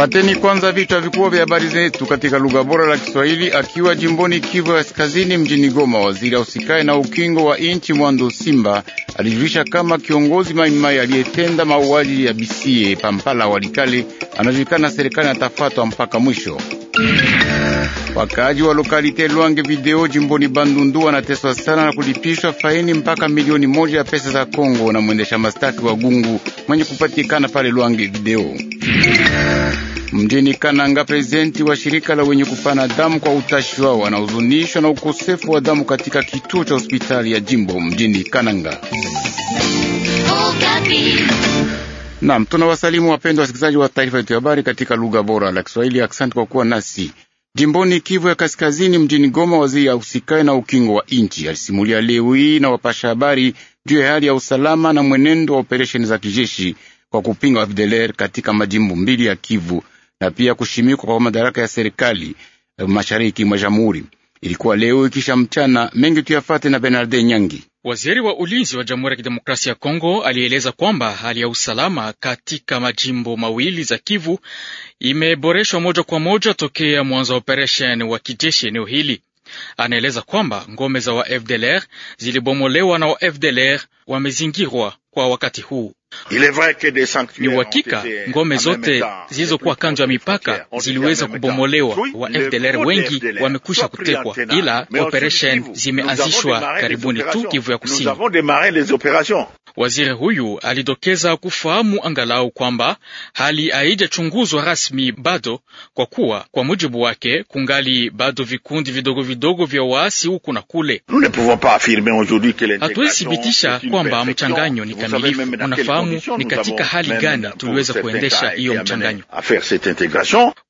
Pateni kwanza vichwa vikubwa vya habari zetu katika lugha bora la Kiswahili. Akiwa jimboni Kivu ya Kaskazini, mjini Goma, waziri ausikae na ukingo wa inchi mwando Simba alijulisha kama kiongozi Maimai aliyetenda mauaji ya Bisie Pampala Walikale anajulikana na serikali atafatwa mpaka mwisho. Wakaaji wa lokalite Lwange video jimboni Bandundu wanateswa sana na kulipishwa faini mpaka milioni moja ya pesa za Kongo na mwendesha mastaki wa gungu mwenye kupatikana pale Lwange video mjini Kananga. Prezidenti wa shirika la wenye kupana damu kwa utashi wao anahuzunishwa na ukosefu wa damu katika kituo cha hospitali ya jimbo mjini Kananga. Naam, tunawasalimu wapendwa wasikilizaji wa taarifa yetu ya habari katika lugha bora la Kiswahili. Asante kwa kuwa nasi. Jimboni Kivu ya Kaskazini, mjini Goma, waziri usikai na ukingo wa nchi alisimulia leo hii na wapasha habari juu ya hali ya usalama na mwenendo wa operesheni za kijeshi kwa kupinga wa FDLR katika majimbo mbili ya Kivu na pia kushimikwa kwa madaraka ya serikali eh, mashariki mwa jamhuri. Ilikuwa leo ikisha mchana. Mengi tuyafate na Bernarde Nyangi. Waziri wa ulinzi wa Jamhuri ya Kidemokrasia ya Kongo alieleza kwamba hali ya usalama katika majimbo mawili za Kivu imeboreshwa moja kwa moja tokea mwanzo wa operesheni wa kijeshi eneo hili. Anaeleza kwamba ngome za wa FDLR zilibomolewa na wa FDLR wamezingirwa kwa wakati huu. Ni uhakika ngome zote zilizokuwa kando ya mipaka ziliweza kubomolewa, wa FDLR wengi wamekwisha kutekwa, ila operation zimeanzishwa karibuni tu Kivu ya Kusini. Waziri huyu alidokeza kufahamu angalau kwamba hali haijachunguzwa rasmi bado, kwa kuwa kwa mujibu wake kungali bado vikundi vidogo vidogo vya waasi huku na kule. Hatuwezi thibitisha kwamba mchanganyo ni kamilifu. Unafahamu ni katika hali gani tuliweza kuendesha hiyo mchanganyo.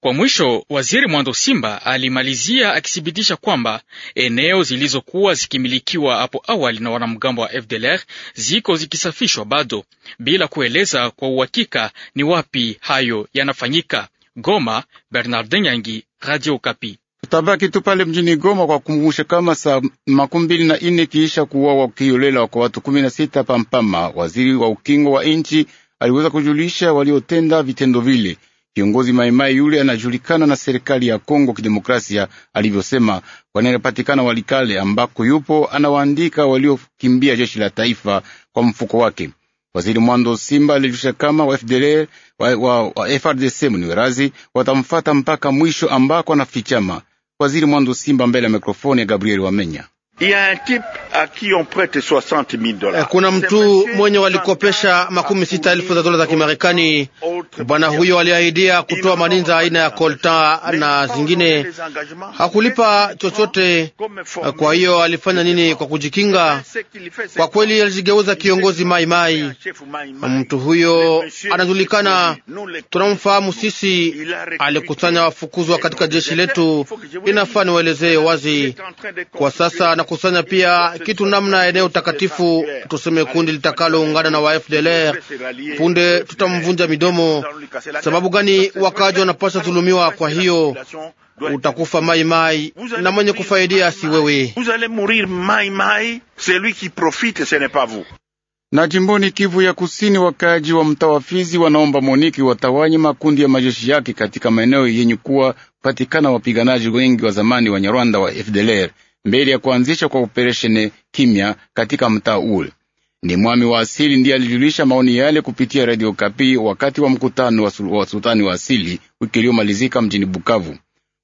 Kwa mwisho, waziri Mwando Simba alimalizia akithibitisha kwamba eneo zilizokuwa zikimilikiwa hapo awali na wanamgambo wa FDLR ziko zik zikisafishwa bado bila kueleza kwa uhakika ni wapi hayo yanafanyika. Goma, Bernard Nyangi, Radio Kapi. Tutabaki tu pale mjini Goma kwa kumbusha kama saa makumi mbili na ine kiisha kuuawa kiholela kwa watu kumi na sita Pampama, waziri wa ukingo wa nchi aliweza kujulisha waliotenda vitendo vile. Kiongozi Maimai yule anajulikana na serikali ya Kongo Kidemokrasia alivyosema, kwani Walikale ambako yupo anawaandika waliokimbia jeshi la taifa kwa mfuko wake. Waziri Mwando Simba alijulisha kama wa FDLR wa, wa, wa FRDC mniwerazi watamfata mpaka mwisho ambako anafichama. Waziri Mwando Simba mbele ya mikrofoni ya Gabriel Wamenya. Kuna mtu mwenye walikopesha makumi sita elfu za dola za Kimarekani. Bwana huyo aliahidia kutoa maninza aina ya kolta na zingine, hakulipa chochote. Eh, kwa hiyo alifanya nini kwa kujikinga? Kwa kweli alijigeuza kiongozi maimai mai. Mtu huyo anajulikana, tunamfahamu sisi. Alikusanya wafukuzwa katika jeshi letu, inafaa niwaelezee wazi kwa sasa na kusanya pia kitu namna eneo takatifu, tuseme kundi litakaloungana na wa FDLR. Punde tutamvunja midomo. Sababu gani wakaji wanapasha dhulumiwa? Kwa hiyo utakufa mai mai, na mwenye kufaidia si wewe. Na jimboni Kivu ya Kusini, wakaaji wa mtawafizi wanaomba Moniki watawanye makundi ya majeshi yake katika maeneo yenye kuwa patikana wapiganaji wengi wa zamani wa Nyarwanda wa FDLR mbele ya kuanzisha kwa operesheni kimya katika mtaa ule. Ni mwami wa asili ndiye alijulisha maoni yale kupitia Radio Kapi wakati wa mkutano wa sultani wa asili wiki iliyomalizika mjini Bukavu.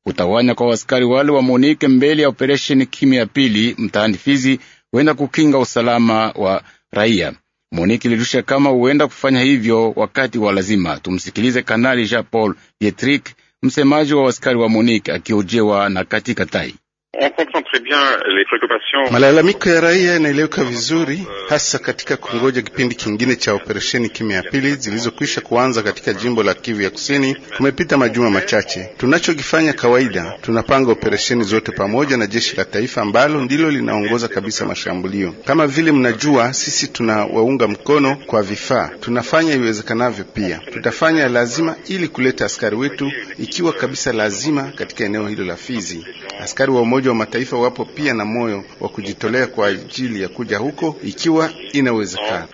Kutawanya kwa wasikari wale wa Monike mbele ya operesheni kimya pili mtaani Fizi huenda kukinga usalama wa raia. Monike ilirusha kama huenda kufanya hivyo wakati wa lazima. Tumsikilize Kanali Jean Paul Dietrich, msemaji wa wasikari wa Monike, akiojewa na katika tai On comprend très bien les preoccupations. Malalamiko ya raia yanaeleweka vizuri, hasa katika kungoja kipindi kingine cha operesheni Kimya ya Pili zilizokwisha kuanza katika jimbo la Kivu ya Kusini. Kumepita majuma machache. Tunachokifanya kawaida, tunapanga operesheni zote pamoja na jeshi la taifa ambalo ndilo linaongoza kabisa mashambulio. Kama vile mnajua, sisi tunawaunga mkono kwa vifaa, tunafanya iwezekanavyo. Pia tutafanya lazima ili kuleta askari wetu ikiwa kabisa lazima katika eneo hilo la Fizi. Askari wa umoja Umoja wa Mataifa wapo pia na moyo wa kujitolea kwa ajili ya kuja huko ikiwa inawezekana.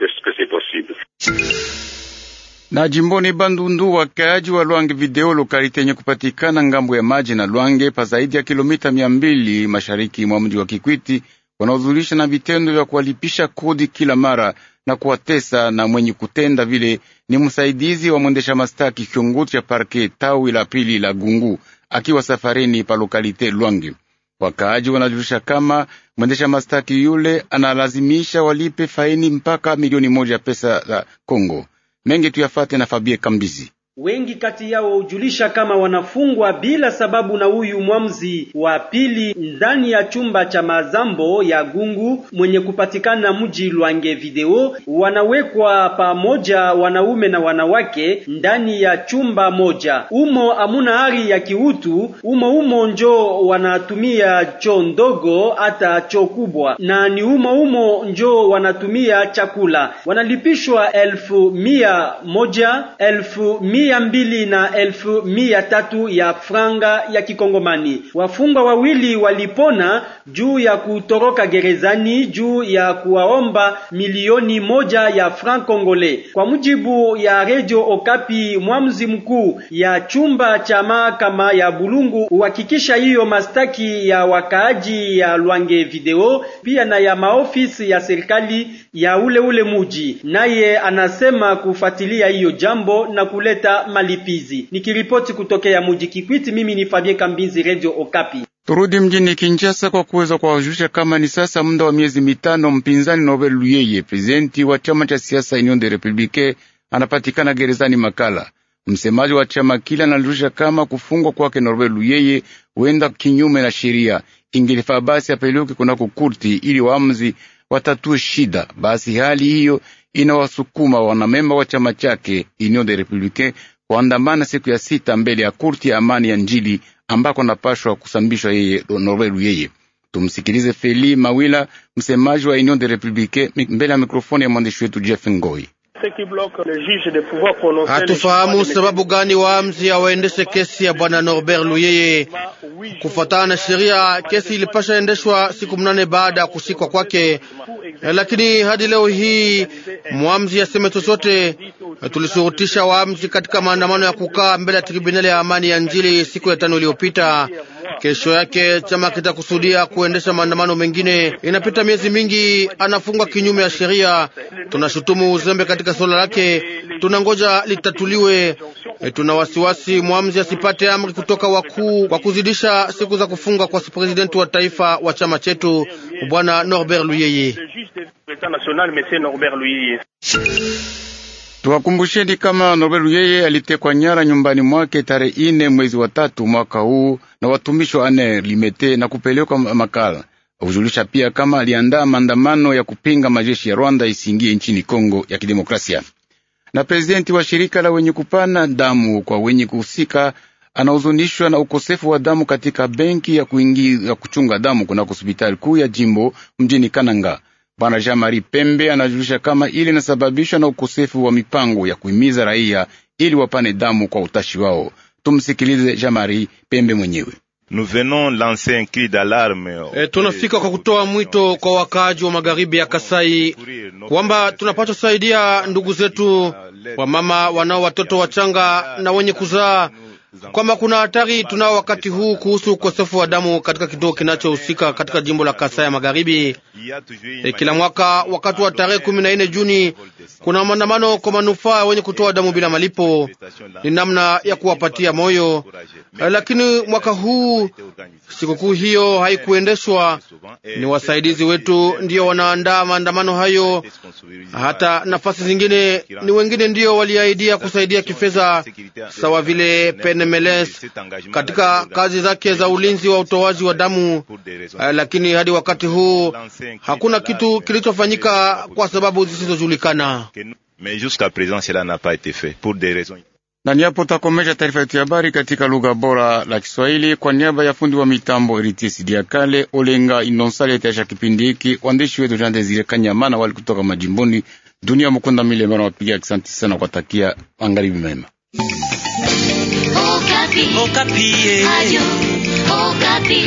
Na jimboni Bandundu, wakaaji wa Lwange video lokalite yenye kupatikana ngambo ya maji na Lwange pa zaidi ya kilomita mia mbili mashariki mwa mji wa Kikwiti wanaozulisha na vitendo vya kuwalipisha kodi kila mara na kuwatesa, na mwenye kutenda vile ni msaidizi wa mwendesha mastaki kiongozi cha parke tawi la pili la Gungu akiwa safarini pa lokalite Lwange. Wakaaji wanajulisha kama mwendesha mastaki yule analazimisha walipe faini mpaka milioni moja ya pesa za Kongo. Mengi tuyafate na Fabie Kambizi. Wengi kati yao hujulisha kama wanafungwa bila sababu na huyu mwamzi wa pili ndani ya chumba cha mazambo ya Gungu mwenye kupatikana mji Lwange video wanawekwa pamoja wanaume na wanawake ndani ya chumba moja. Umo amuna hali ya kiutu, umo umo njo wanatumia choo ndogo hata choo kubwa, na ni umo umo njo wanatumia chakula. Wanalipishwa elfu mia moja elfu mia mia mbili na elfu mia tatu ya franga ya Kikongomani. Wafungwa wawili walipona juu ya kutoroka gerezani juu ya kuwaomba milioni moja ya franc congolais. Kwa mujibu ya Radio Okapi, mwamuzi mkuu ya chumba cha mahakama ya Bulungu uhakikisha hiyo mastaki ya wakaaji ya Lwange video pia na ya maofisi ya serikali ya ule ule muji, naye anasema kufuatilia hiyo jambo na kuleta bila malipizi. Nikiripoti kutokea muji Kikwiti, mimi ni Fabien Kambinzi, Radio Okapi. Turudi mjini Kinshasa kwa kuweza kuwajulisha kama ni sasa muda wa miezi mitano, mpinzani Nobel Luyeye, prezidenti wa chama cha siasa Union de Republique, anapatikana gerezani Makala. Msemaji wa chama kile anajulisha kama kufungwa kwake Norbert Luyeye huenda kinyume na sheria, ingelifaa basi apeleke kunako kurti ili waamuzi watatue shida. Basi hali hiyo inawasukuma wanamemba wa chama chake Union de Republicain kuandamana siku ya sita mbele ya kurti ya amani ya Njili ambako anapashwa kusambishwa yeye Norelu yeye. Tumsikilize Feli Mawila, msemaji wa Union de Republicain, mbele ya mikrofoni ya mwandishi wetu Jeff Ngoi. Hatufahamu sababu gani waamzi hawaendeshe kesi ya bwana Norbert Luyeye. Kufuatana na sheria, kesi ilipasha endeshwa siku mnane baada ya kushikwa kwake, lakini hadi leo hii mwamzi aseme chochote. Tulishurutisha waamzi katika maandamano ya kukaa mbele ya tribunali ya amani ya Njili siku ya tano iliyopita. Kesho yake chama kitakusudia kuendesha maandamano mengine. Inapita miezi mingi anafungwa kinyume ya sheria. Tunashutumu uzembe katika suala lake, tunangoja litatuliwe. E, tuna wasiwasi mwamzi asipate amri kutoka wakuu kwa kuzidisha siku za kufunga kwa presidenti wa taifa wa chama chetu Bwana Norbert Luyeye. Tuwakumbusheni kama Norbert yeye alitekwa nyara nyumbani mwake tarehe ine mwezi wa tatu mwaka huu na watumishi wa ane Limete na kupelekwa Makala. Hujulisha pia kama aliandaa maandamano ya kupinga majeshi ya Rwanda isingie nchini Kongo ya Kidemokrasia. Na prezidenti wa shirika la wenye kupana damu kwa wenye kuhusika anahuzunishwa na ukosefu wa damu katika benki ya, kuingi, kuchunga damu kunako hospitali kuu ya jimbo mjini Kananga. Bwana Jean Marie Pembe anajulisha kama ile inasababishwa na ukosefu wa mipango ya kuhimiza raia ili wapane damu kwa utashi wao. Tumsikilize Jean Marie Pembe mwenyewe. E, tunafika kwa kutoa mwito kwa wakaaji wa magharibi ya Kasai kwamba tunapaswa saidia ndugu zetu wamama wanao watoto wachanga na wenye kuzaa kwamba kuna hatari tunao wakati huu kuhusu ukosefu wa damu katika kituo kinachohusika katika jimbo la Kasai ya Magharibi. E, kila mwaka wakati wa tarehe kumi na nne Juni kuna maandamano kwa manufaa wenye kutoa damu bila malipo, ni namna ya kuwapatia moyo. E, lakini mwaka huu sikukuu hiyo haikuendeshwa, ni wasaidizi wetu ndio wanaandaa maandamano hayo. Hata nafasi zingine ni wengine ndio waliahidia kusaidia kifedha sawa vile PNMLS katika kazi zake za ulinzi wa utoaji wa damu, eh, lakini hadi wakati huu hakuna kitu kilichofanyika kwa sababu zisizojulikana. Na hapo takomesha taarifa yetu ya habari katika lugha bora la Kiswahili kwa niaba ya fundi wa mitambo Eritisi kale Olenga Inonsali yataisha kipindi hiki. Waandishi wetu Jean Desire wali kutoka majimboni Dunia Mukunda Milemana wapiga, asante sana, takia magharibi mema. Okapi. Okapi.